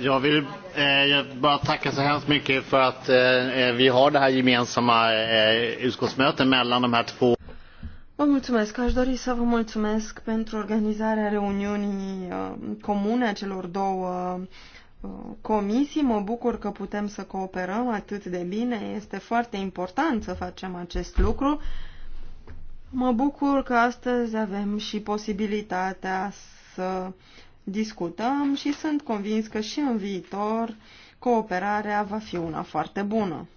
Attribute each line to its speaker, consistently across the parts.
Speaker 1: Jag vill eh, bara tacka så hemskt mycket för att eh, eh, vi har det här gemensamma eh, utskottsmötet mellan de här två. Vă mulțumesc. Aș
Speaker 2: dori să vă mulțumesc pentru organizarea reuniunii eh, comune a celor două eh, comisii. Mă bucur că putem să cooperăm atât de bine. Este foarte important să facem acest lucru. Mă bucur că astăzi avem și posibilitatea să discutăm și sunt convins că și în viitor cooperarea va fi una foarte bună.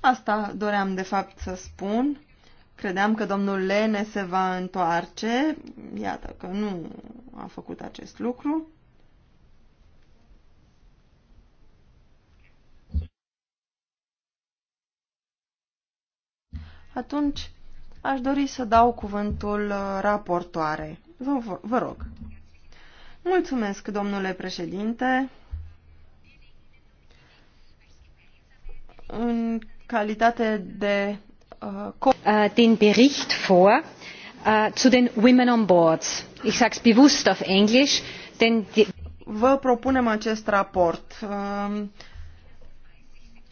Speaker 2: Asta doream de fapt să spun. Credeam că domnul Lene se va întoarce. Iată că nu a făcut acest lucru. Atunci Aș dori să dau cuvântul uh, raportoarei. Vă, vă rog. Mulțumesc, domnule președinte.
Speaker 3: În calitate de uh, uh den Bericht vor uh, zu den Women on Boards. Ich sag's bewusst auf Englisch, denn die Vă propunem acest raport.
Speaker 2: Uh,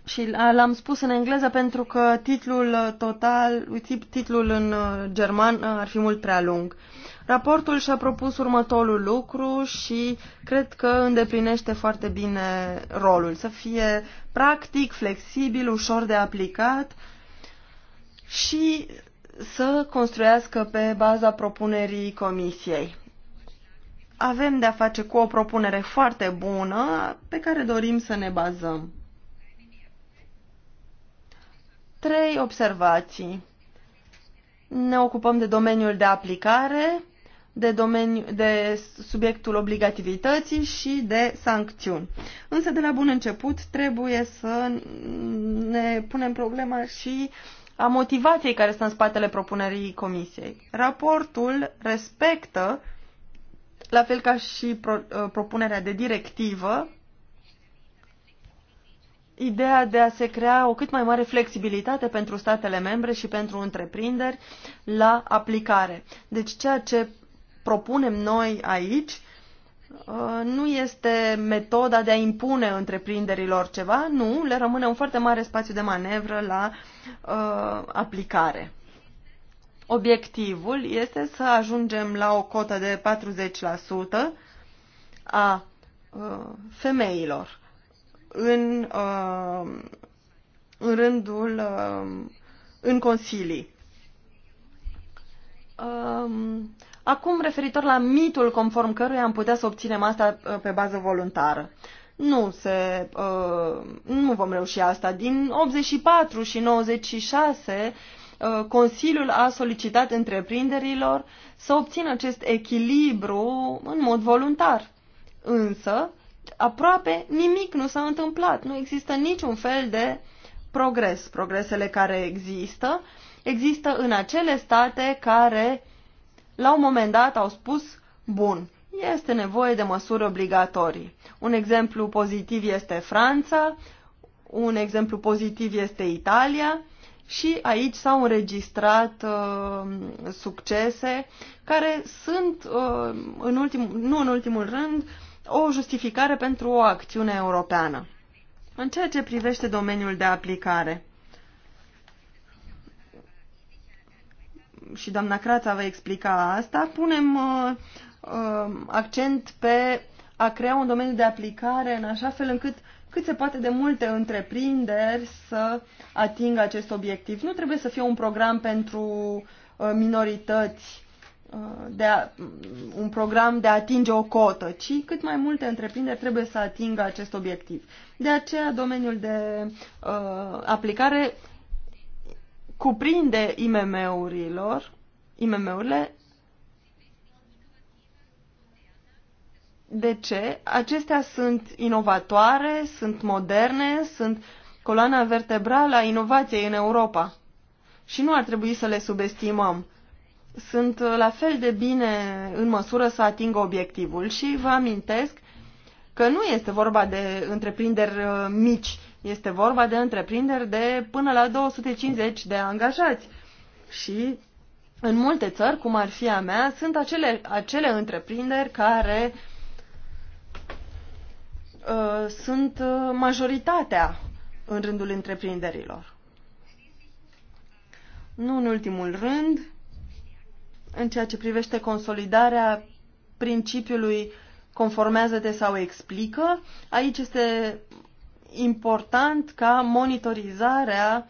Speaker 2: și l-am spus în engleză pentru că titlul uh, total, titlul în uh, german uh, ar fi mult prea lung. Raportul și-a propus următorul lucru și cred că îndeplinește foarte bine rolul. Să fie practic, flexibil, ușor de aplicat și să construiască pe baza propunerii comisiei. Avem de-a face cu o propunere foarte bună pe care dorim să ne bazăm. Trei observații. Ne ocupăm de domeniul de aplicare, de, domeniu, de subiectul obligativității și de sancțiuni. Însă, de la bun început, trebuie să ne punem problema și a motivației care stă în spatele propunerii Comisiei. Raportul respectă, la fel ca și pro, uh, propunerea de directivă, ideea de a se crea o cât mai mare flexibilitate pentru statele membre și pentru întreprinderi la aplicare. Deci ceea ce propunem noi aici uh, nu este metoda de a impune întreprinderilor ceva, nu, le rămâne un foarte mare spațiu de manevră la uh, aplicare. Obiectivul este să ajungem la o cotă de 40% a uh, femeilor în, uh, în rândul, uh, în consilii. Um, acum, referitor la mitul conform căruia am putea să obținem asta uh, pe bază voluntară. Nu, se, uh, nu vom reuși asta. Din 84 și 96, uh, Consiliul a solicitat întreprinderilor să obțină acest echilibru în mod voluntar. Însă, aproape nimic nu s-a întâmplat. Nu există niciun fel de progres. Progresele care există, există în acele state care, la un moment dat, au spus, bun, este nevoie de măsuri obligatorii. Un exemplu pozitiv este Franța, un exemplu pozitiv este Italia și aici s-au înregistrat uh, succese care sunt, uh, în ultim, nu în ultimul rând, o justificare pentru o acțiune europeană. În ceea ce privește domeniul de aplicare, și doamna Crața va explica asta, punem uh, uh, accent pe a crea un domeniu de aplicare în așa fel încât cât se poate de multe întreprinderi să atingă acest obiectiv. Nu trebuie să fie un program pentru uh, minorități Uh, de a, mm, un program de a atinge o cotă, ci cât mai multe întreprinderi trebuie să atingă acest obiectiv. De aceea, domeniul de uh, aplicare cuprinde IMM-urilor, IMM-urile. De ce? Acestea sunt inovatoare, sunt moderne, sunt coloana vertebrală a inovației în Europa. Și nu ar trebui să le subestimăm sunt la fel de bine în măsură să atingă obiectivul și vă amintesc că nu este vorba de întreprinderi uh, mici, este vorba de întreprinderi de până la 250 de angajați. Și în multe țări, cum ar fi a mea, sunt acele, acele întreprinderi care uh, sunt uh, majoritatea în rândul întreprinderilor. Nu în ultimul rând, în ceea ce privește consolidarea principiului conformează-te sau explică, aici este important ca monitorizarea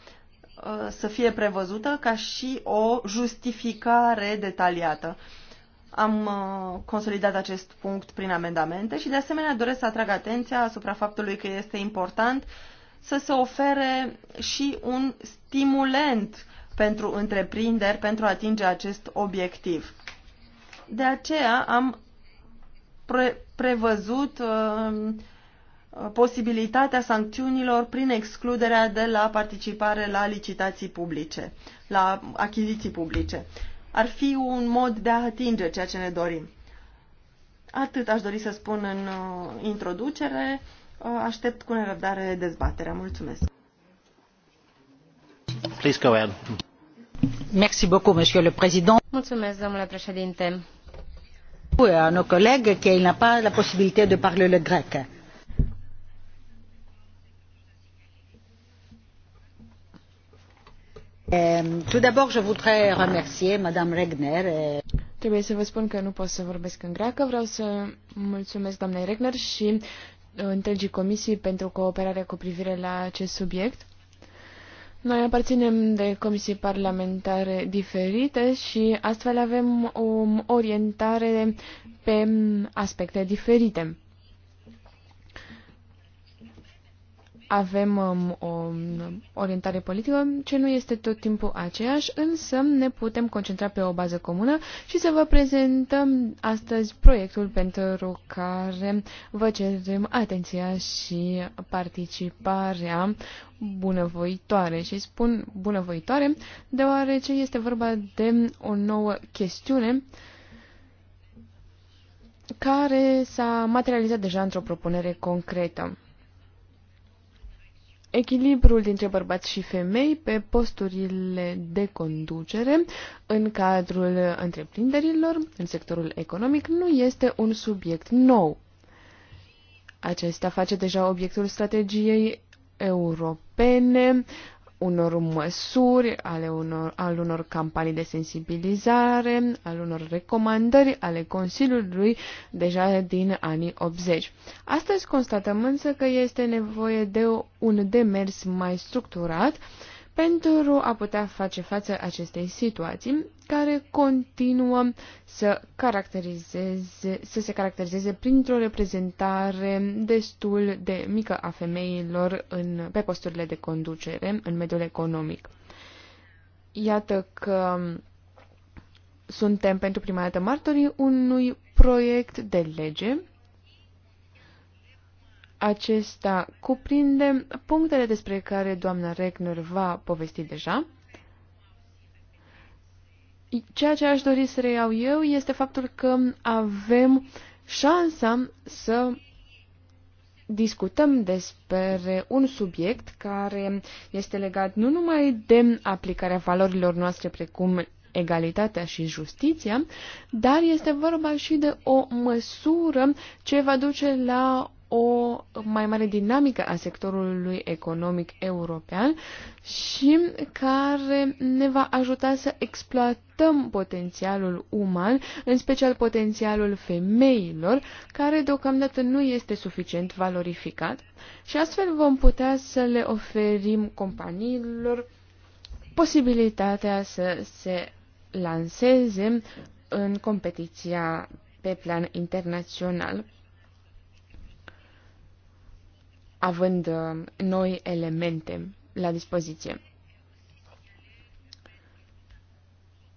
Speaker 2: uh, să fie prevăzută ca și o justificare detaliată. Am uh, consolidat acest punct prin amendamente și de asemenea doresc să atrag atenția asupra faptului că este important să se ofere și un stimulent pentru întreprinderi pentru a atinge acest obiectiv. De aceea am pre prevăzut uh, posibilitatea sancțiunilor prin excluderea de la participare la licitații publice, la achiziții publice. Ar fi un mod de a atinge ceea ce ne dorim. Atât aș dori să spun în uh, introducere. Uh, aștept cu nerăbdare dezbaterea. Mulțumesc.
Speaker 1: Please go ahead.
Speaker 3: Mulțumesc,
Speaker 4: domnule președinte.
Speaker 3: À nos collègues qu'il n'a pas la possibilité de parler le grec. Euh,
Speaker 4: tout d'abord, je voudrais remercier Madame Regner. Trebuie să vă spun că nu pot să vorbesc în greacă. Vreau să mulțumesc doamnei Regner și uh, întregii comisii pentru cooperarea cu privire la acest subiect. Noi aparținem de comisii parlamentare diferite și astfel avem o orientare pe aspecte diferite. avem um, o orientare politică ce nu este tot timpul aceeași, însă ne putem concentra pe o bază comună și să vă prezentăm astăzi proiectul pentru care vă cerem atenția și participarea bunăvoitoare. Și spun bunăvoitoare deoarece este vorba de o nouă chestiune care s-a materializat deja într-o propunere concretă echilibrul dintre bărbați și femei pe posturile de conducere în cadrul întreprinderilor, în sectorul economic, nu este un subiect nou. Acesta face deja obiectul strategiei europene unor măsuri, ale unor, al unor campanii de sensibilizare, al unor recomandări ale Consiliului deja din anii 80. Astăzi constatăm însă că este nevoie de un demers mai structurat uh, pentru a putea face față acestei situații care continuă să, caracterizeze, să se caracterizeze printr-o reprezentare destul de mică a femeilor în, pe posturile de conducere în mediul economic. Iată că suntem pentru prima dată martorii unui proiect de lege acesta cuprinde punctele despre care doamna Regner va povesti deja. Ceea ce aș dori să reiau eu este faptul că avem șansa să discutăm despre un subiect care este legat nu numai de aplicarea valorilor noastre precum egalitatea și justiția, dar este vorba și de o măsură ce va duce la o mai mare dinamică a sectorului economic european și care ne va ajuta să exploatăm potențialul uman, în special potențialul femeilor, care deocamdată nu este suficient valorificat și astfel vom putea să le oferim companiilor posibilitatea să se lanseze în competiția pe plan internațional având uh, noi elemente la dispoziție.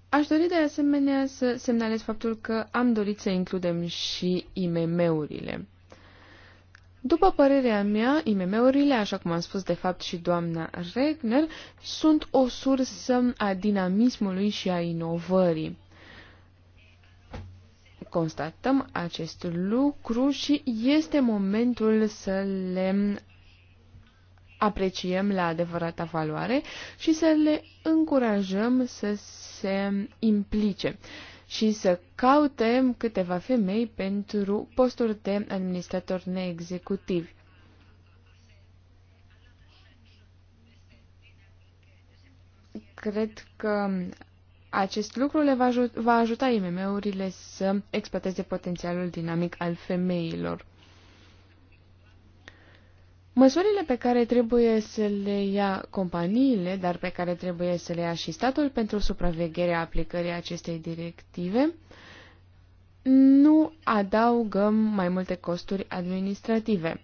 Speaker 4: Aș dori de asemenea să semnalez faptul că am dorit să includem și IMM-urile. După părerea mea, IMM-urile, așa cum am spus de fapt și doamna Regner, sunt o sursă a dinamismului și a inovării constatăm acest lucru și este momentul să le apreciem la adevărata valoare și să le încurajăm să se implice și să cautem câteva femei pentru posturi de administrator neexecutiv. Cred că acest lucru le va, ajut, va ajuta IMM-urile să exploateze potențialul dinamic al femeilor. Măsurile pe care trebuie să le ia companiile, dar pe care trebuie să le ia și statul pentru supravegherea aplicării acestei directive, nu adaugăm mai multe costuri administrative.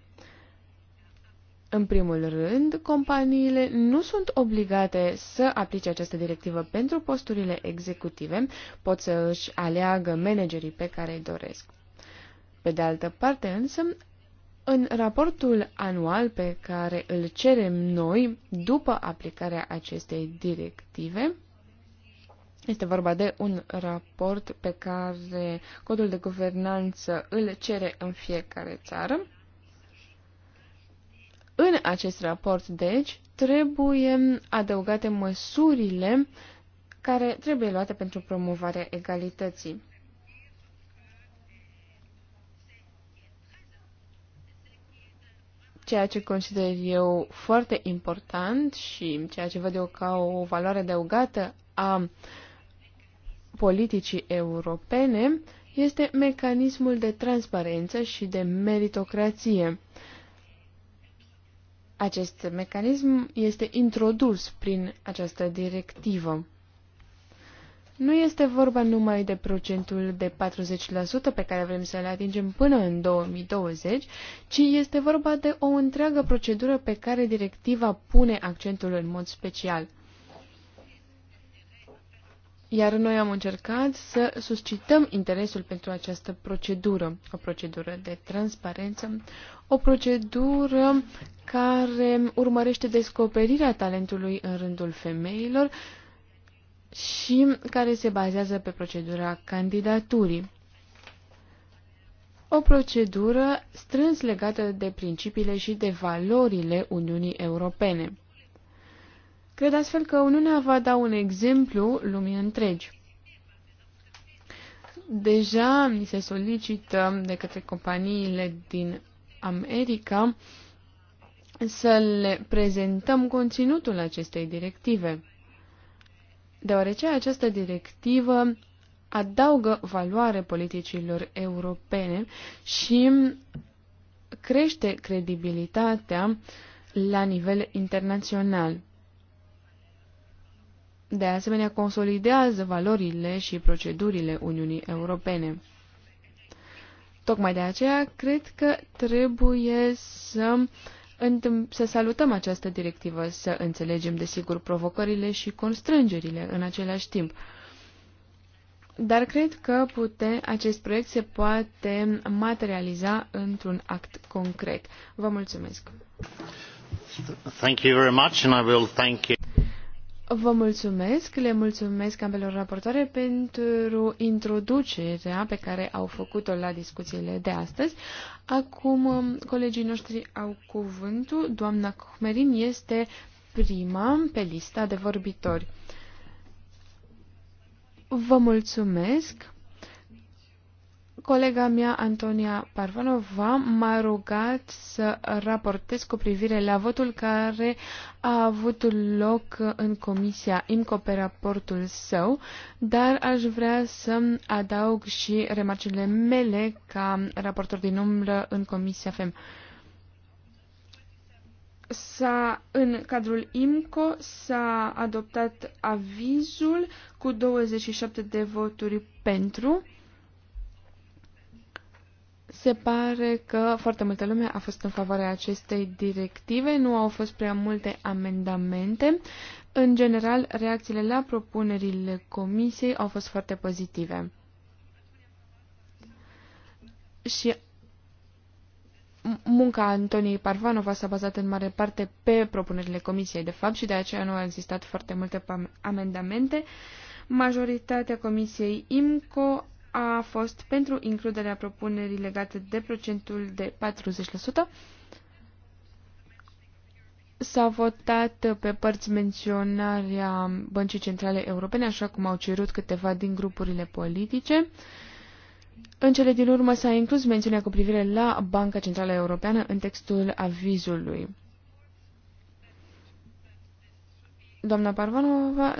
Speaker 4: În primul rând, companiile nu sunt obligate să aplice această directivă pentru posturile executive, pot să își aleagă managerii pe care îi doresc. Pe de altă parte însă, în raportul anual pe care îl cerem noi după aplicarea acestei directive, este vorba de un raport pe care codul de guvernanță îl cere în fiecare țară, în acest raport, deci, trebuie adăugate măsurile care trebuie luate pentru promovarea egalității. Ceea ce consider eu foarte important și ceea ce văd eu ca o valoare adăugată a politicii europene este mecanismul de transparență și de meritocrație. Acest mecanism este introdus prin această directivă. Nu este vorba numai de procentul de 40% pe care vrem să le atingem până în 2020, ci este vorba de o întreagă procedură pe care directiva pune accentul în mod special – iar noi am încercat să suscităm interesul pentru această procedură, o procedură de transparență, o procedură care urmărește descoperirea talentului în rândul femeilor și care se bazează pe procedura candidaturii. O procedură strâns legată de principiile și de valorile Uniunii Europene. Cred astfel că Uniunea va da un exemplu lumii întregi. Deja mi se solicită de către companiile din America să le prezentăm conținutul acestei directive, deoarece această directivă adaugă valoare politicilor europene și crește credibilitatea la nivel internațional de asemenea consolidează valorile și procedurile Uniunii Europene. Tocmai de aceea, cred că trebuie să, să salutăm această directivă, să înțelegem, desigur, provocările și constrângerile în același timp. Dar cred că pute, acest proiect se poate materializa într-un act concret. Vă mulțumesc!
Speaker 1: Thank you very much and I will thank
Speaker 4: Vă mulțumesc, le mulțumesc ambelor raportoare pentru introducerea pe care au făcut-o la discuțiile de astăzi. Acum, colegii noștri au cuvântul. Doamna Cuhmerin este prima pe lista de vorbitori. Vă mulțumesc. Colega mea, Antonia Parvanova, m-a rugat să raportez cu privire la votul care a avut loc în Comisia IMCO pe raportul său, dar aș vrea să adaug și remarcile mele ca raportor din umbră în Comisia FEM s-a, în cadrul IMCO s-a adoptat avizul cu 27 de voturi pentru se pare că foarte multă lume a fost în favoarea acestei directive, nu au fost prea multe amendamente. În general, reacțiile la propunerile comisiei au fost foarte pozitive. Și munca Antoniei Parvanova s-a bazat în mare parte pe propunerile comisiei, de fapt, și de aceea nu au existat foarte multe amendamente. Majoritatea comisiei IMCO a fost pentru includerea propunerii legate de procentul de 40%. S-a votat pe părți menționarea Băncii Centrale Europene, așa cum au cerut câteva din grupurile politice. În cele din urmă s-a inclus mențiunea cu privire la Banca Centrală Europeană în textul avizului. Doamna Parvanova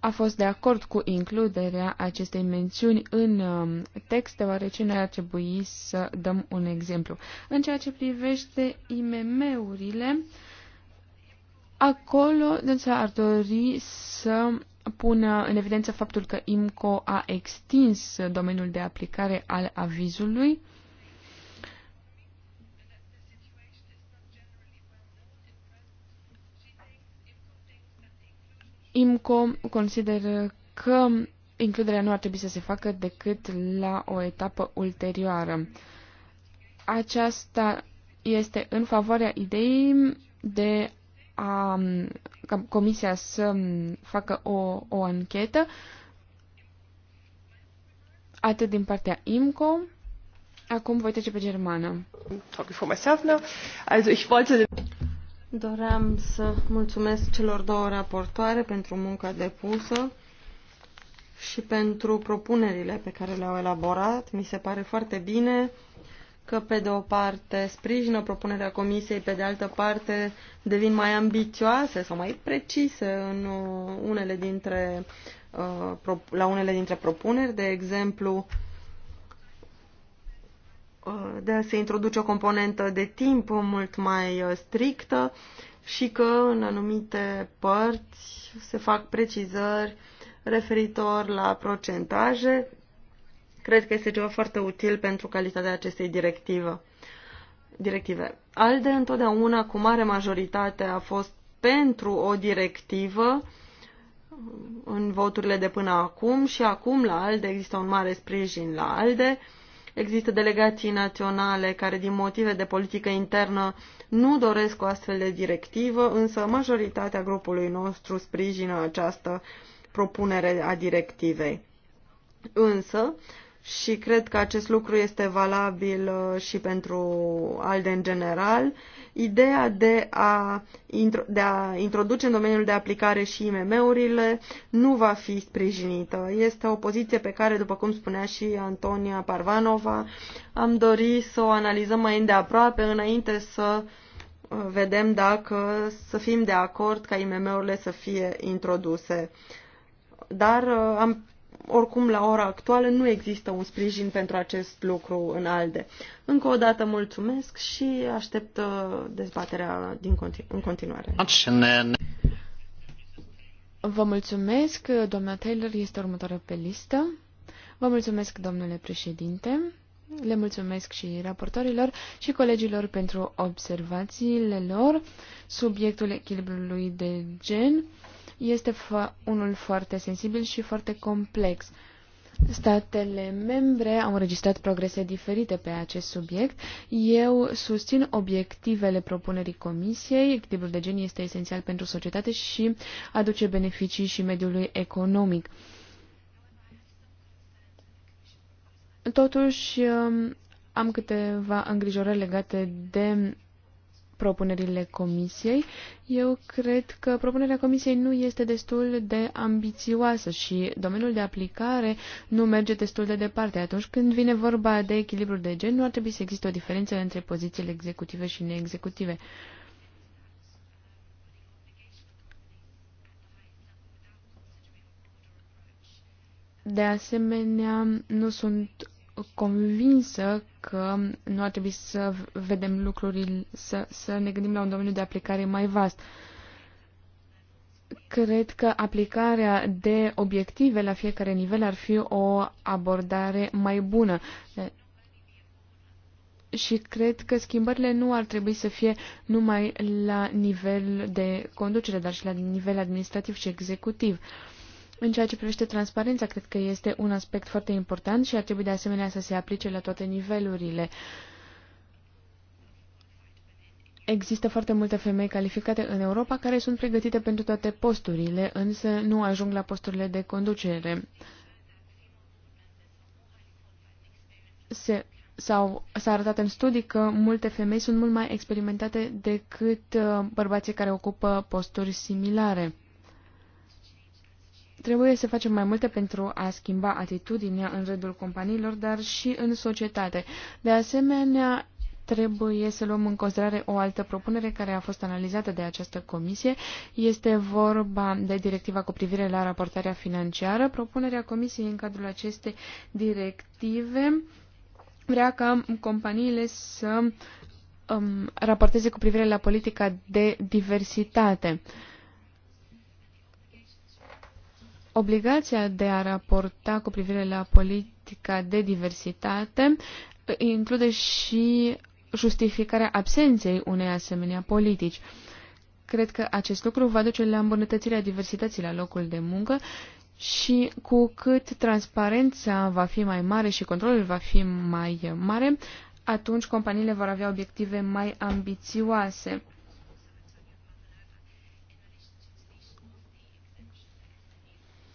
Speaker 4: a fost de acord cu includerea acestei mențiuni în um, text, deoarece noi ar trebui să dăm un exemplu. În ceea ce privește IMM-urile, acolo dânsa ar dori să pună în evidență faptul că IMCO a extins domeniul de aplicare al avizului IMCO consideră că includerea nu ar trebui să se facă decât la o etapă ulterioară. Aceasta este în favoarea ideii de a, ca comisia să facă o, o anchetă, atât din partea IMCO, Acum voi trece pe germană. Talking for myself now. Also ich wollte
Speaker 2: Doream să mulțumesc celor două raportoare pentru munca depusă și pentru propunerile pe care le-au elaborat. Mi se pare foarte bine că, pe de o parte, sprijină propunerea Comisiei, pe de altă parte, devin mai ambițioase sau mai precise în uh, unele dintre, uh, la unele dintre propuneri, de exemplu, Uh, de a se introduce o componentă de timp mult mai uh, strictă și că în anumite părți se fac precizări referitor la procentaje. Cred că este ceva foarte util pentru calitatea acestei directive. directive. ALDE întotdeauna cu mare majoritate a fost pentru o directivă uh, în voturile de până acum și acum la ALDE există un mare sprijin la ALDE Există delegații naționale care, din motive de politică internă, nu doresc o astfel de directivă, însă majoritatea grupului nostru sprijină această propunere a directivei. Însă, și cred că acest lucru este valabil uh, și pentru ALDE în general, ideea de a, de a introduce în domeniul de aplicare și IMM-urile nu va fi sprijinită. Este o poziție pe care, după cum spunea și Antonia Parvanova, am dorit să o analizăm mai îndeaproape înainte să uh, vedem dacă să fim de acord ca IMM-urile să fie introduse. Dar uh, am oricum, la ora actuală, nu există un sprijin pentru acest lucru în ALDE. Încă o dată mulțumesc și aștept uh, dezbaterea
Speaker 4: din continu- în continuare. Vă mulțumesc. Doamna Taylor este următoarea pe listă. Vă mulțumesc, domnule președinte. Le mulțumesc și raportorilor și colegilor pentru observațiile lor. Subiectul echilibrului de gen este unul foarte sensibil și foarte complex. Statele membre au înregistrat progrese diferite pe acest subiect. Eu susțin obiectivele propunerii Comisiei. Echilibrul de gen este esențial pentru societate și aduce beneficii și mediului economic. Totuși, am câteva îngrijorări legate de propunerile comisiei. Eu cred că propunerea comisiei nu este destul de ambițioasă și domeniul de aplicare nu merge destul de departe. Atunci când vine vorba de echilibru de gen, nu ar trebui să existe o diferență între pozițiile executive și neexecutive. De asemenea, nu sunt convinsă că nu ar trebui să vedem lucrurile, să, să ne gândim la un domeniu de aplicare mai vast. Cred că aplicarea de obiective la fiecare nivel ar fi o abordare mai bună. Și cred că schimbările nu ar trebui să fie numai la nivel de conducere, dar și la nivel administrativ și executiv. Uh, în ceea ce privește transparența, cred că este un aspect foarte important și ar trebui de asemenea să se aplice la toate nivelurile. Există foarte multe femei calificate în Europa care sunt pregătite pentru toate posturile, însă nu ajung la posturile de conducere. s-a arătat în studii că multe femei sunt mult mai experimentate decât uh, bărbații care ocupă posturi similare. Trebuie să facem mai multe pentru a schimba atitudinea în rândul companiilor, dar și în societate. De asemenea, trebuie să luăm în considerare o altă propunere care a fost analizată de această comisie. Este vorba de directiva cu privire la raportarea financiară. Propunerea comisiei în cadrul acestei directive vrea ca companiile să um, raporteze cu privire la politica de diversitate. Uh, Obligația de a raporta cu privire la politica de diversitate uh, include și justificarea absenței unei asemenea politici. Cred că acest lucru va duce la îmbunătățirea diversității la locul de muncă și cu cât transparența va fi mai mare și controlul va fi mai mare, atunci companiile vor avea obiective mai ambițioase.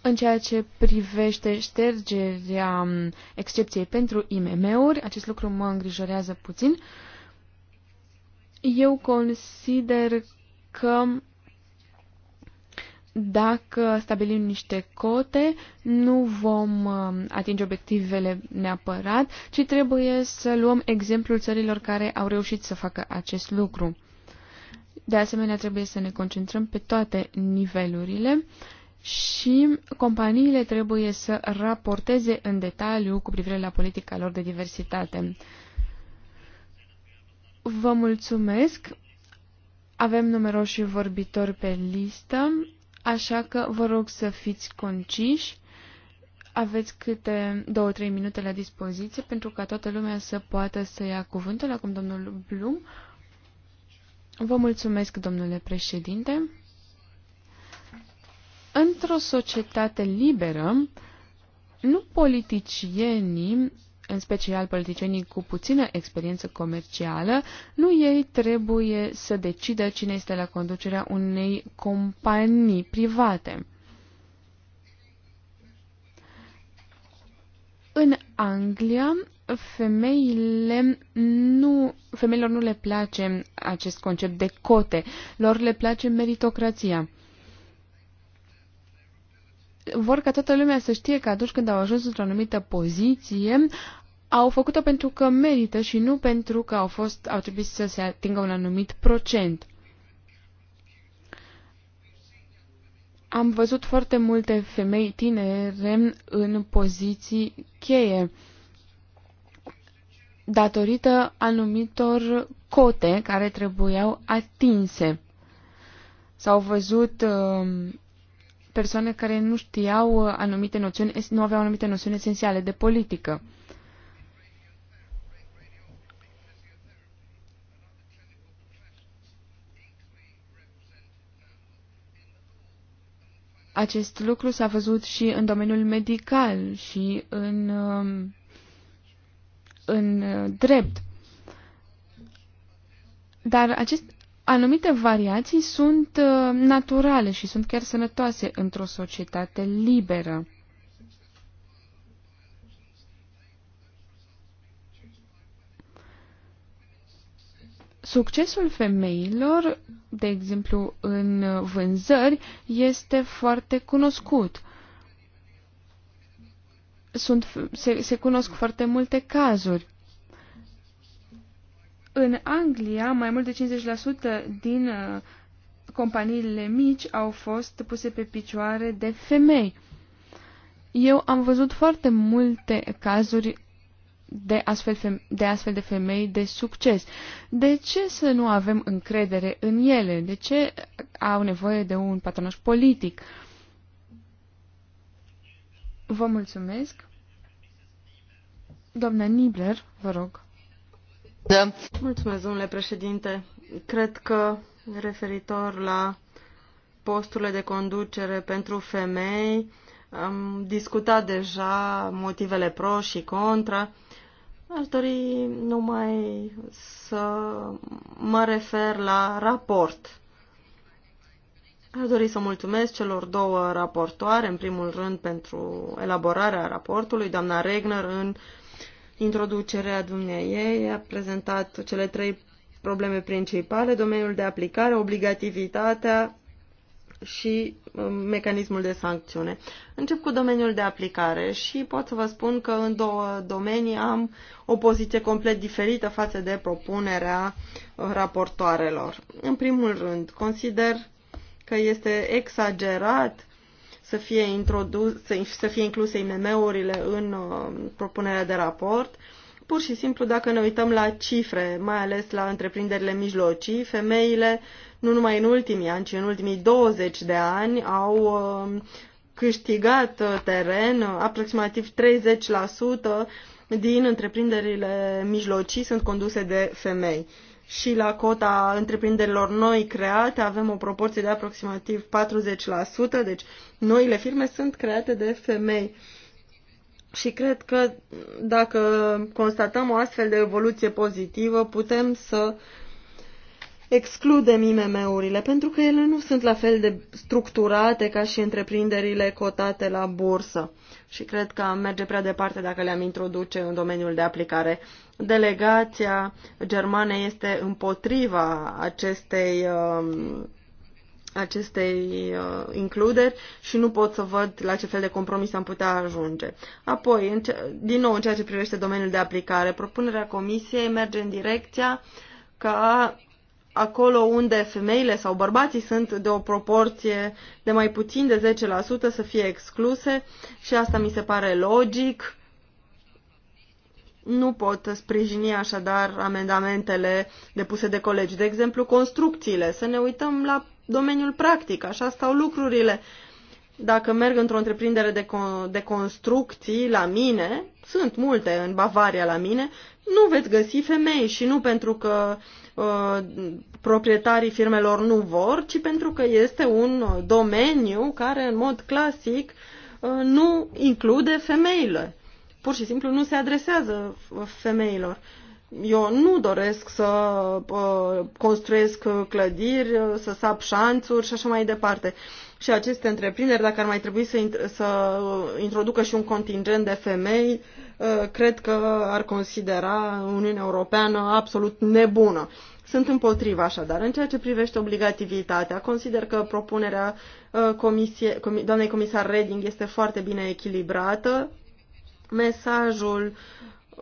Speaker 4: În ceea ce privește ștergerea um, excepției pentru IMM-uri, acest lucru mă îngrijorează puțin. Eu consider că dacă stabilim niște cote, nu vom um, atinge obiectivele neapărat, ci trebuie să luăm exemplul țărilor care au reușit să facă acest lucru. De asemenea, trebuie să ne concentrăm pe toate nivelurile și companiile trebuie să raporteze în detaliu cu privire la politica lor de diversitate. Vă mulțumesc! Avem numeroși vorbitori pe listă, așa că vă rog să fiți conciși. Aveți câte două-trei minute la dispoziție pentru ca toată lumea să poată să ia cuvântul. Acum domnul Blum. Vă mulțumesc, domnule președinte. Într-o societate liberă, nu politicienii, în special politicienii cu puțină experiență comercială, nu ei trebuie să decidă cine este la conducerea unei companii private. În Anglia, femeile nu, femeilor nu le place acest concept de cote, lor le place meritocrația vor ca toată lumea să știe că atunci când au ajuns într-o anumită poziție, au făcut-o pentru că merită și nu pentru că au, fost, au trebuit să se atingă un anumit procent. Am văzut foarte multe femei tinere în poziții cheie datorită anumitor cote care trebuiau atinse. S-au văzut uh, persoane care nu știau uh, anumite noțiuni, nu aveau anumite noțiuni esențiale de politică. Acest lucru s-a văzut și în domeniul medical și în, um, în uh, drept. Dar acest anumite variații sunt uh, naturale și sunt chiar sănătoase într-o societate liberă. Succesul femeilor, de exemplu în vânzări, este foarte cunoscut. Sunt, se, se cunosc foarte multe cazuri. În Anglia, mai mult de 50% din uh, companiile mici au fost puse pe picioare de femei. Eu am văzut foarte multe cazuri de astfel, de astfel de femei de succes. De ce să nu avem încredere în ele? De ce au nevoie de un patronaj politic? Vă mulțumesc. Doamna Nibler,
Speaker 2: vă rog. Da. Mulțumesc, domnule președinte. Cred că referitor la posturile de conducere pentru femei, am discutat deja motivele pro și contra. Aș dori numai să mă refer la raport. Aș dori să mulțumesc celor două raportoare, în primul rând pentru elaborarea raportului, doamna Regner în uh, introducerea dumneiei a prezentat cele trei probleme principale, domeniul de aplicare, obligativitatea și um, mecanismul de sancțiune. Încep cu domeniul de aplicare și pot să vă spun că în două domenii am o poziție complet diferită față de propunerea uh, raportoarelor. În primul rând, consider că este exagerat să fie, introdus, să fie incluse IMM-urile în uh, propunerea de raport. Pur și simplu, dacă ne uităm la cifre, mai ales la întreprinderile mijlocii, femeile, nu numai în ultimii ani, ci în ultimii 20 de ani, au uh, câștigat uh, teren, aproximativ 30% din întreprinderile mijlocii sunt conduse de femei și la cota întreprinderilor noi create avem o proporție de aproximativ 40%, deci noile firme sunt create de femei. Și cred că dacă constatăm o astfel de evoluție pozitivă, putem să excludem IMM-urile, pentru că ele nu sunt la fel de structurate ca și întreprinderile cotate la bursă și cred că merge prea departe dacă le-am introduce în domeniul de aplicare. Delegația germană este împotriva acestei, um, acestei uh, includeri și nu pot să văd la ce fel de compromis am putea ajunge. Apoi, din nou, în ceea ce privește domeniul de aplicare, propunerea Comisiei merge în direcția ca acolo unde femeile sau bărbații sunt de o proporție de mai puțin de 10% să fie excluse și asta mi se pare logic. Nu pot sprijini așadar amendamentele depuse de colegi. De exemplu, construcțiile. Să ne uităm la domeniul practic. Așa stau lucrurile. Dacă merg într-o întreprindere de, con- de construcții la mine, sunt multe în Bavaria la mine, nu veți găsi femei și nu pentru că uh, Uh, proprietarii firmelor nu vor, ci pentru că este un domeniu care în mod clasic uh, nu include femeile. Pur și simplu nu se adresează uh, femeilor. Eu nu doresc să construiesc clădiri, să sap șanțuri și așa mai departe. Și aceste întreprinderi, dacă ar mai trebui să, să introducă și un contingent de femei, Uh, cred că ar considera Uniunea Europeană absolut nebună. Sunt împotriva așadar. În ceea ce privește obligativitatea, consider că propunerea uh, comisie, doamnei comisar Reding este foarte bine echilibrată. Mesajul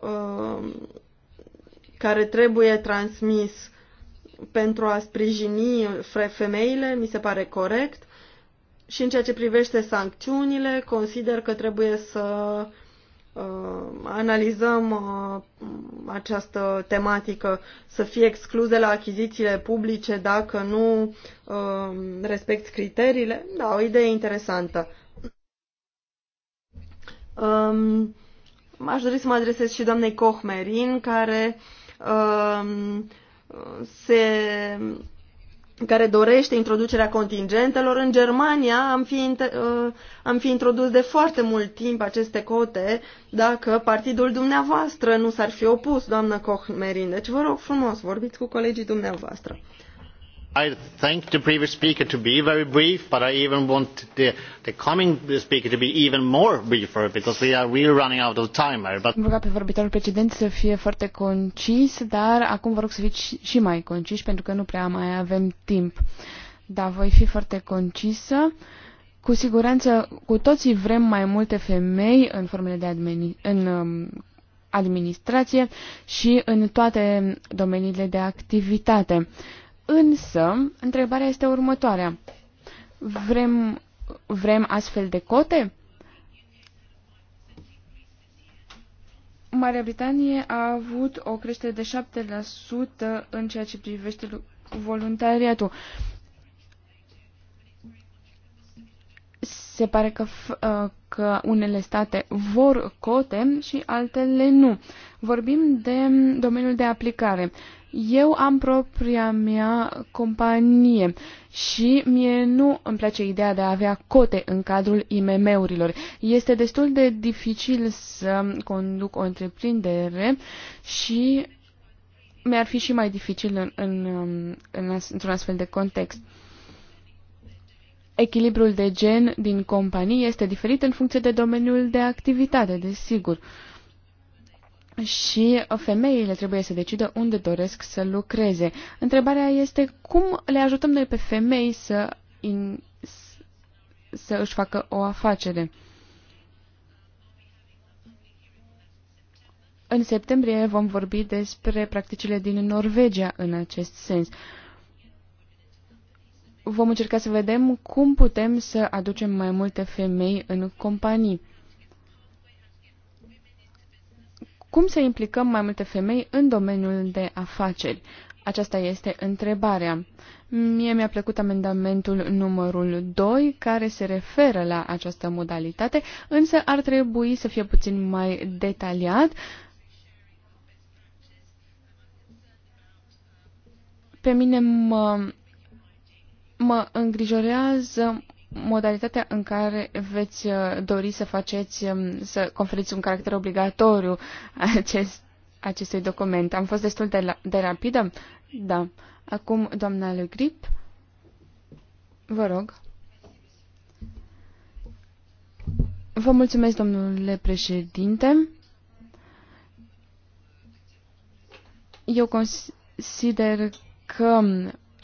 Speaker 2: uh, care trebuie transmis pentru a sprijini femeile mi se pare corect. Și în ceea ce privește sancțiunile, consider că trebuie să uh, Uh, analizăm uh, această tematică să fie excluze la achizițiile publice dacă nu uh, respecti criteriile? Da, o idee interesantă. Um, aș dori să mă adresez și doamnei Cohmerin, care um, se care dorește introducerea contingentelor. În Germania am fi, uh, am fi introdus de foarte mult timp aceste cote dacă partidul dumneavoastră nu s-ar fi opus, doamnă Koch-Merin. Deci vă rog frumos, vorbiți cu colegii dumneavoastră.
Speaker 1: I thank the previous speaker for being very brief, but I even want the, coming speaker to be even more brief because we are really running out of time here. But... Am
Speaker 4: rugat pe vorbitorul precedent să fie foarte concis, dar acum vă rog să fiți și mai conciși, pentru că nu prea mai avem timp. Da, voi fi foarte concisă. Cu siguranță, cu toții vrem mai multe femei în formele de admini- în um, administrație și în toate domeniile de activitate. Însă, întrebarea este următoarea. Vrem, vrem astfel de cote? Marea Britanie a avut o creștere de 7% în ceea ce privește voluntariatul. Se pare că, uh, că unele state vor cote și altele nu. Vorbim de domeniul de aplicare. Eu am propria mea companie și mie nu îmi place ideea de a avea cote în cadrul IMM-urilor. Este destul de dificil să conduc o întreprindere și mi-ar fi și mai dificil în, în, în, într-un astfel de context. Echilibrul de gen din companie este diferit în funcție de domeniul de activitate, desigur. sigur și femeile trebuie să decidă unde doresc să lucreze. Întrebarea este cum le ajutăm noi pe femei să, in, să își facă o afacere. În septembrie vom vorbi despre practicile din Norvegia în acest sens. Vom încerca să vedem cum putem să aducem mai multe femei în companii. Cum să implicăm mai multe femei în domeniul de afaceri? Aceasta este întrebarea. Mie mi-a plăcut amendamentul numărul 2, care se referă la această modalitate, însă ar trebui să fie puțin mai detaliat, pe mine mă, mă îngrijorează modalitatea în care veți uh, dori să faceți, um, să conferiți un caracter obligatoriu acest, acestui document. Am fost destul de, la, de rapidă? Da. Acum, doamna Le Grip, vă rog. Vă mulțumesc, domnule președinte. Eu consider că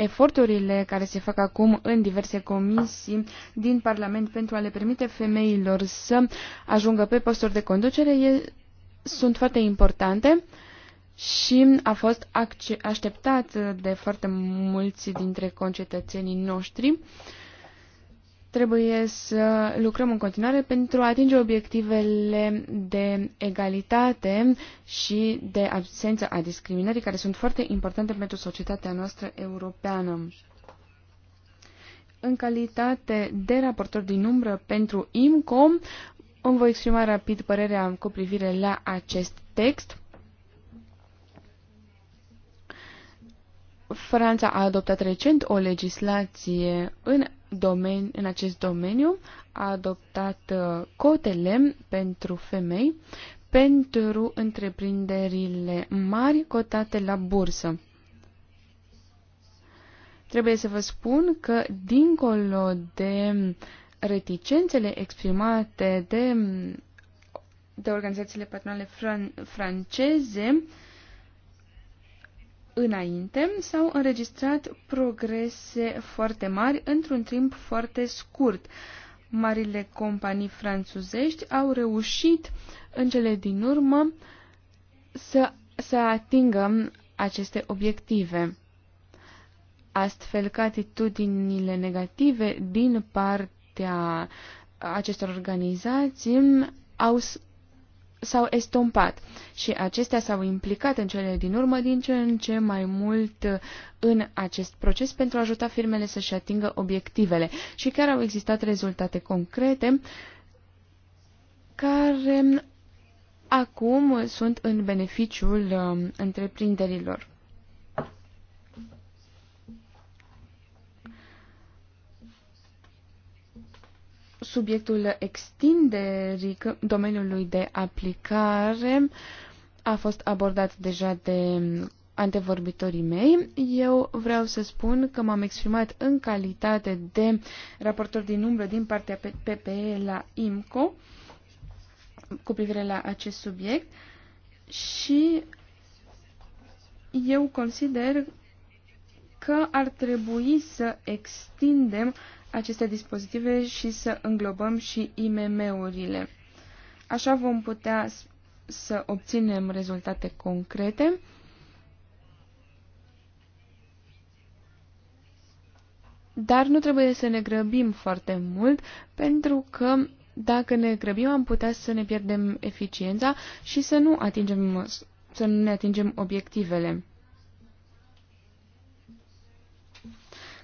Speaker 4: eforturile care se fac acum în diverse comisii din Parlament pentru a le permite femeilor să ajungă pe posturi de conducere e, sunt foarte importante și a fost așteptat de foarte mulți dintre concetățenii noștri. Uh, Trebuie să lucrăm în continuare pentru a atinge obiectivele de egalitate și de absență a discriminării, care sunt foarte importante pentru societatea noastră europeană. În calitate de raportor din umbră pentru IMCOM, îmi voi exprima rapid părerea cu privire la acest text. Franța a adoptat recent o legislație în domeni, în acest domeniu a adoptat uh, cotele pentru femei pentru întreprinderile mari cotate la bursă. Trebuie să vă spun că, dincolo de reticențele exprimate de, de organizațiile patronale fran- franceze, uh, înainte, s-au înregistrat progrese foarte mari într-un timp foarte scurt. Marile companii franțuzești au reușit în cele din urmă să, să atingă aceste obiective. Astfel că atitudinile negative din partea acestor organizații au s-au estompat și acestea s-au implicat în cele din urmă din ce în ce mai mult în acest proces pentru a ajuta firmele să-și atingă obiectivele și chiar au existat rezultate concrete care acum sunt în beneficiul um, întreprinderilor. subiectul extinderii domeniului de aplicare a fost abordat deja de antevorbitorii mei. Eu vreau să spun că m-am exprimat în calitate de raportor din umbră din partea PPE la IMCO cu privire la acest subiect și eu consider că ar trebui să extindem aceste dispozitive și să înglobăm și IMM-urile. Așa vom putea să obținem rezultate concrete. Dar nu trebuie să ne grăbim foarte mult, pentru că dacă ne grăbim am putea să ne pierdem eficiența și să nu, atingem, să nu ne atingem obiectivele.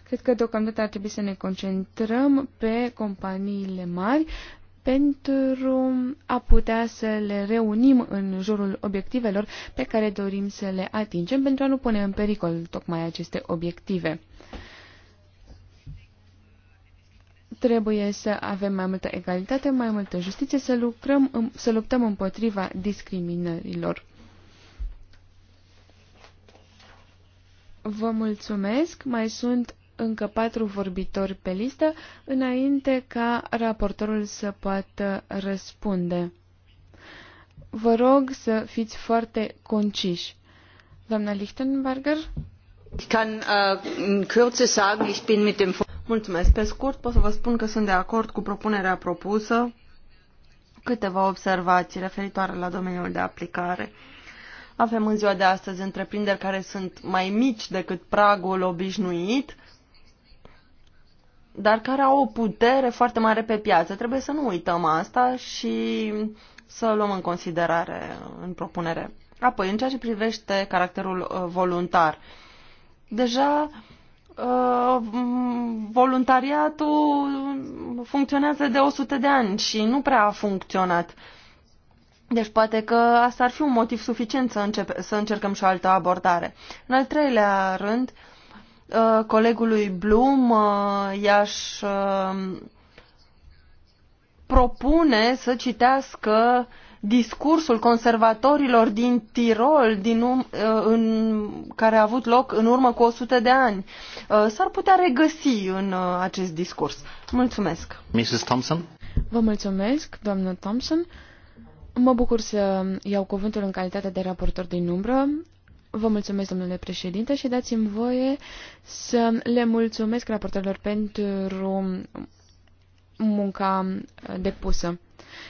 Speaker 4: Cred că deocamdată ar trebui să ne concentrăm pe companiile mari pentru a putea să le reunim în jurul obiectivelor pe care dorim să le atingem pentru a nu pune în pericol tocmai aceste obiective trebuie să avem mai multă egalitate, mai multă justiție, să, lucrăm, să luptăm împotriva discriminărilor. Vă mulțumesc. Mai sunt încă patru vorbitori pe listă înainte ca raportorul să poată răspunde. Vă rog să fiți foarte conciși. Doamna Lichtenberger? Äh,
Speaker 2: Mulțumesc. Pe scurt pot să vă spun că sunt de acord cu propunerea propusă. Câteva observații referitoare la domeniul de aplicare. Avem în ziua de astăzi întreprinderi care sunt mai mici decât pragul obișnuit dar care au o putere foarte mare pe piață. Trebuie să nu uităm asta și să luăm în considerare în propunere. Apoi, în ceea ce privește caracterul uh, voluntar, deja uh, voluntariatul funcționează de 100 de ani și nu prea a funcționat. Deci poate că asta ar fi un motiv suficient să, începe, să încercăm și o altă abordare. În al treilea rând, uh, Uh, colegului Blum uh, i-aș uh, propune să citească discursul conservatorilor din Tirol din, um, în, care a avut loc în urmă cu 100 de ani. S-ar putea
Speaker 4: regăsi în acest discurs. Mulțumesc.
Speaker 1: Mrs. Thompson.
Speaker 4: Vă mulțumesc, doamnă Thompson. Mă bucur să iau cuvântul în calitate de raportor din umbră. Vă mulțumesc, domnule președinte, și dați-mi voie să le mulțumesc raportorilor pentru munca depusă.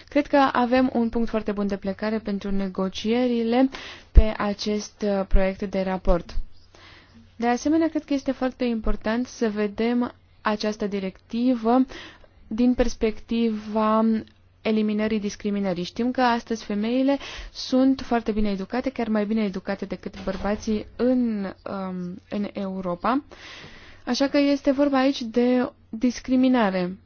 Speaker 4: Cred că avem un punct foarte bun de plecare pentru negocierile pe acest proiect de raport. De asemenea, cred că este foarte important să vedem această directivă din perspectiva eliminării discriminării. Știm că astăzi femeile sunt foarte bine educate, chiar mai bine educate decât bărbații în, um, în Europa. Așa că este vorba aici de discriminare.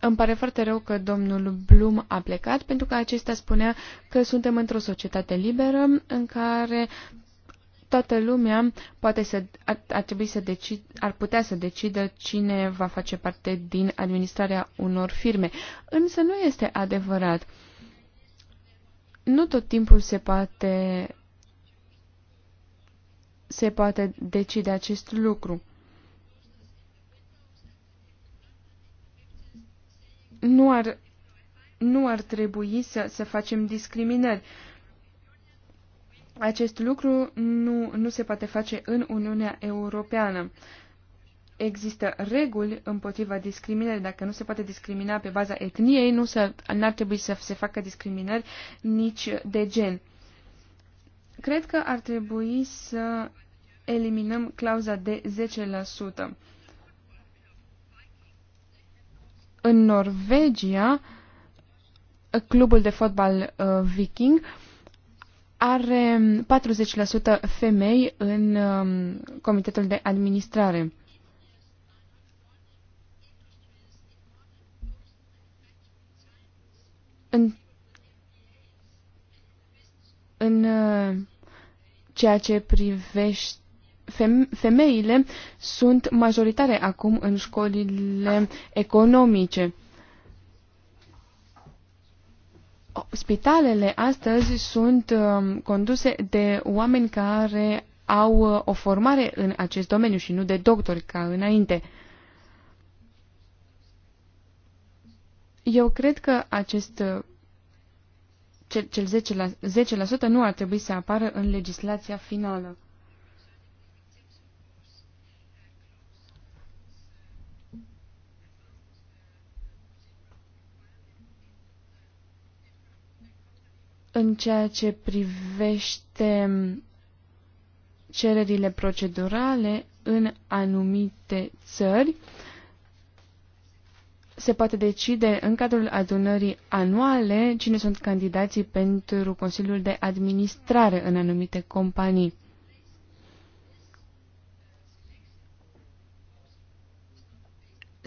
Speaker 4: Îmi pare foarte rău că domnul Blum a plecat, pentru că acesta spunea că suntem într-o societate liberă în care toată lumea poate să, ar, ar, trebui să decid, ar putea să decidă cine va face parte din administrarea unor firme. Însă nu este adevărat. Nu tot timpul se poate se poate decide acest lucru. Nu ar, nu ar trebui să, să facem discriminări. Uh, acest lucru nu, nu se poate face în Uniunea Europeană. Există reguli împotriva discriminării. Dacă nu se poate discrimina pe baza etniei, nu ar trebui să se facă discriminări nici de gen. Cred că ar trebui să eliminăm clauza de 10%. În Norvegia, clubul de fotbal uh, viking uh, are 40% femei în um, comitetul de administrare. În, în uh, ceea ce privește femeile sunt majoritare acum în școlile economice. Spitalele astăzi sunt um, conduse de oameni care au uh, o formare în acest domeniu și nu de doctori ca înainte. Eu cred că acest uh, cel, cel 10%, la, 10 nu ar trebui să apară în legislația finală. În ceea ce privește cererile procedurale în anumite țări, se poate decide în cadrul adunării anuale cine sunt candidații pentru Consiliul de Administrare în anumite companii.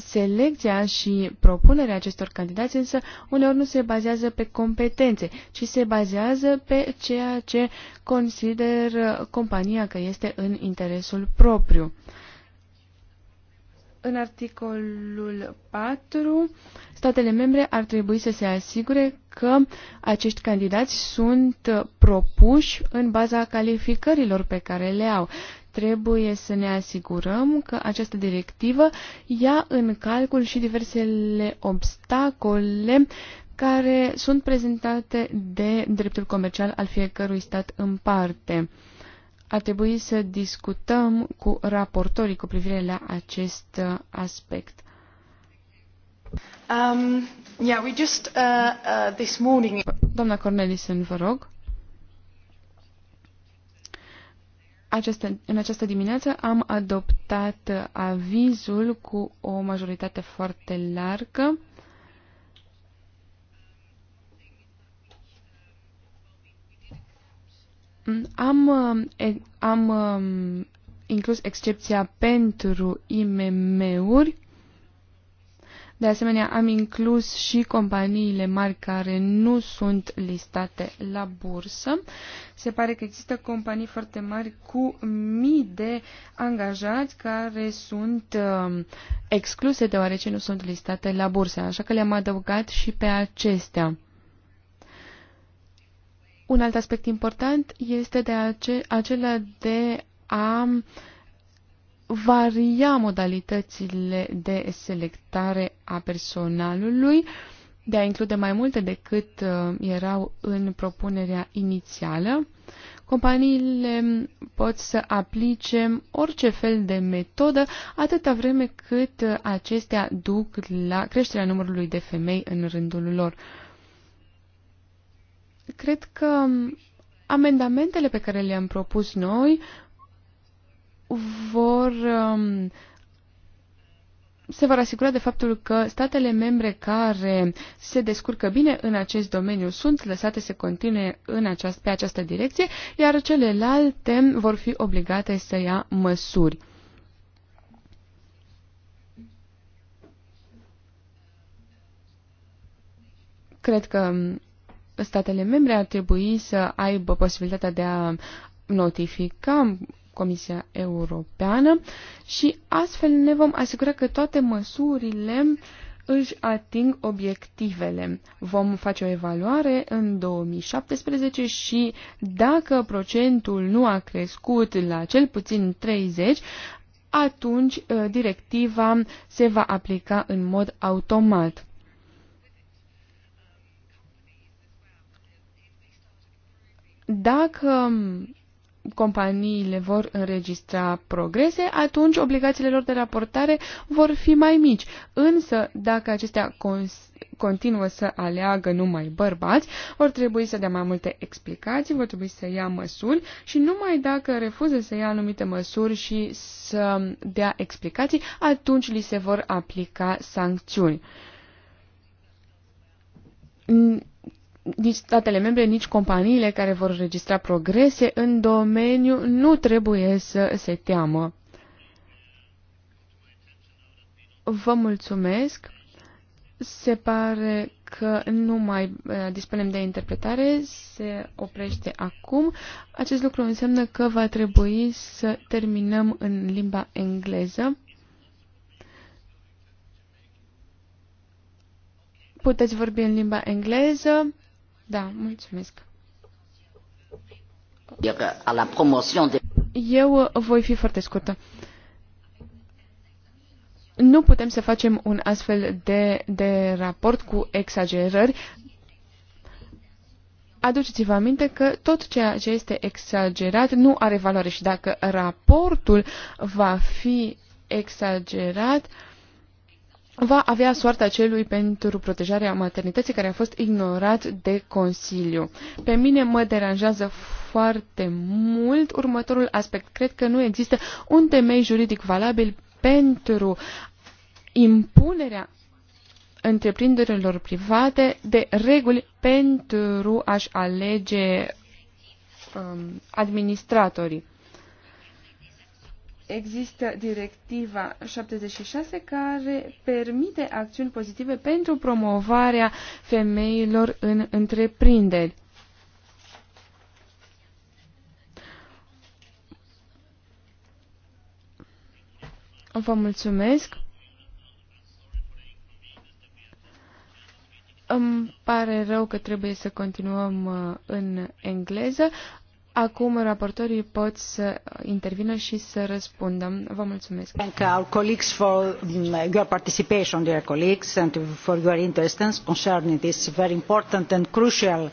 Speaker 4: Selecția și propunerea acestor candidați însă uneori nu se bazează pe competențe, ci se bazează pe ceea ce consider compania că este în interesul propriu. În articolul 4, statele membre ar trebui să se asigure că acești candidați sunt propuși în baza calificărilor pe care le au Trebuie să ne asigurăm că această directivă ia în calcul și diversele obstacole care sunt prezentate de dreptul comercial al fiecărui stat în parte. A trebui să discutăm cu raportorii cu privire la acest uh, aspect. Um, yeah, we just, uh, uh, this morning... Doamna Cornelison, vă rog. aceste, în această dimineață am adoptat avizul cu o majoritate foarte largă. Am, am um, inclus excepția pentru IMM-uri de asemenea, am inclus și companiile mari care nu sunt listate la bursă. Se pare că există companii foarte mari cu mii de angajați care sunt uh, excluse deoarece nu sunt listate la bursă, așa că le-am adăugat și pe acestea. Un alt aspect important este de ace acela de a uh, varia modalitățile de selectare a personalului, de a include mai multe decât uh, erau în propunerea inițială. Companiile pot să aplice orice fel de metodă atâta vreme cât uh, acestea duc la creșterea numărului de femei în rândul lor. Cred că um, amendamentele pe care le-am propus noi vor um, se vor asigura de faptul că statele membre care se descurcă bine în acest domeniu sunt lăsate să continue în aceast, pe această direcție, iar celelalte vor fi obligate să ia măsuri. Cred că um, statele membre ar trebui să aibă posibilitatea de a notifica Comisia Europeană și astfel ne vom asigura că toate măsurile își ating obiectivele. Vom face o evaluare în 2017 și dacă procentul nu a crescut la cel puțin 30, atunci ă, directiva se va aplica în mod automat. Dacă companiile vor înregistra progrese, atunci obligațiile lor de raportare vor fi mai mici. Însă, dacă acestea continuă să aleagă numai bărbați, vor trebui să dea mai multe explicații, vor trebui să ia măsuri și numai dacă refuză să ia anumite măsuri și să dea explicații, atunci li se vor aplica sancțiuni nici statele membre, nici companiile care vor registra progrese în domeniu nu trebuie să se teamă. Vă mulțumesc. Se pare că nu mai uh, dispunem de interpretare, se oprește acum. Acest lucru înseamnă că va trebui să terminăm în limba engleză. Puteți vorbi în limba engleză. Da, mulțumesc. Eu voi fi foarte scurtă. Nu putem să facem un astfel de, de raport cu exagerări. Aduceți-vă aminte că tot ceea ce este exagerat nu are valoare și dacă raportul va fi exagerat, uh, va avea soarta celui pentru protejarea maternității care a fost ignorat de Consiliu. Pe mine mă deranjează foarte mult următorul aspect. Cred că nu există un temei juridic valabil pentru impunerea întreprinderilor private de reguli pentru a-și alege um, administratorii există directiva 76 care permite acțiuni pozitive pentru promovarea femeilor în întreprinderi. Vă mulțumesc. Îmi pare rău că trebuie să continuăm uh, în engleză. Acum raportorii pot să uh, intervină și să răspundă. Vă mulțumesc.
Speaker 3: Thank our colleagues for mm, your participation, dear colleagues, and for your interest concerning this very important and crucial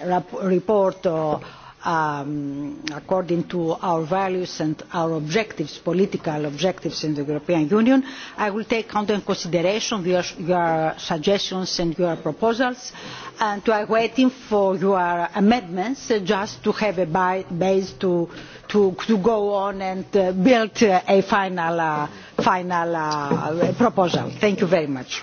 Speaker 3: um, report. Uh, um, according to our values and our objectives, political objectives in the European Union. I will take into consideration your, your, suggestions and your proposals and I are waiting for your amendments just to have a base to, to, to go on and uh, build a final, uh, final uh, proposal. Thank you very much.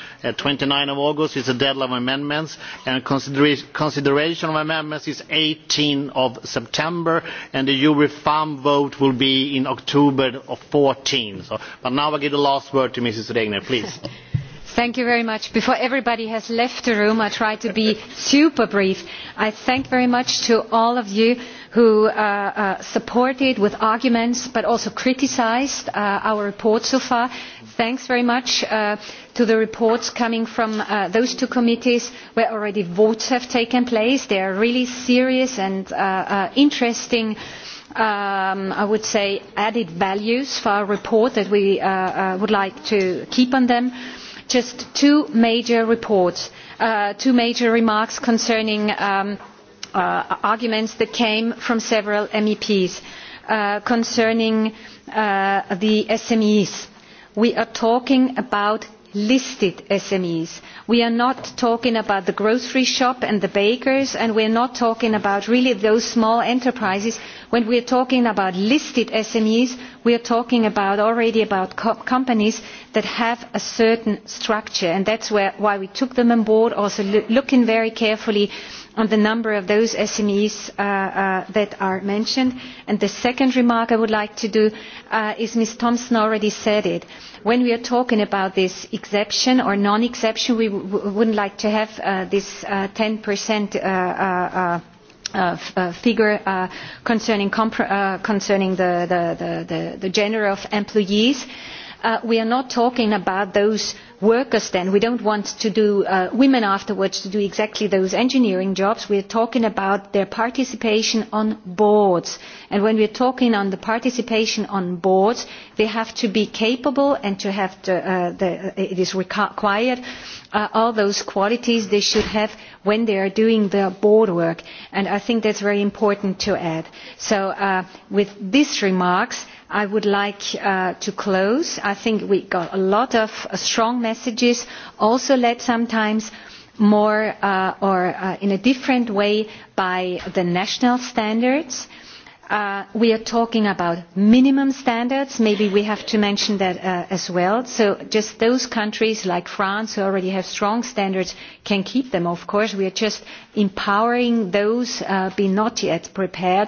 Speaker 1: Uh, twenty nine august is the deadline for amendments and consideration of amendments is eighteen september and the juri femm vote will be in october. fourteen so, but now i give the last word to ms regner please.
Speaker 3: thank you very much. before everybody has left the room i will try to be super brief. i thank very much to all of you who uh, uh, supported with arguments but also criticised our report so far thanks very much uh, to the reports coming from uh, those two committees where already votes have taken place. They are really serious and uh, interesting um, I would say added values for our report that we would like to keep on them. Just two major reports, two major remarks concerning um, arguments that came from several MEPs concerning the SMEs we are talking about listed smes. we are not talking about the grocery shop and the bakers and we are not talking about really those small enterprises. when we are talking about listed smes we are talking about already about companies that have a certain structure and that is why we took them on board also looking very carefully at on the number of those SMEs uh, uh, that are mentioned. And the second remark I would like to do uh, is Ms. Thompson already said it. When we are talking about this exception or non-exception, we wouldn't like to have this ten 10% figure concerning, the, gender of employees. Uh, we are not talking about those workers then. We don't want to do uh, women afterwards to do exactly those engineering jobs. We are talking about their participation on boards. And when we are talking on the participation on boards, they have to be capable and to have uh, the, it is required all those qualities they should have when they are doing their board work. And I think that's very important to add. So with these remarks, I would like uh, to close. I think we got a lot of uh, strong messages, also led sometimes more uh, or uh, in a different way by the national standards. Uh, we are talking about minimum standards. Maybe we have to mention that uh, as well. So just those countries like France who already have strong standards can keep them, of course. We are just empowering those uh, be not yet prepared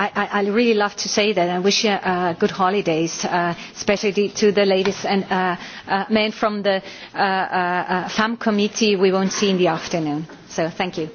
Speaker 3: I, really love to say that. I wish you uh, good holidays, uh, especially to the ladies and uh, men from the femm committee we won't see in the afternoon. So thank you.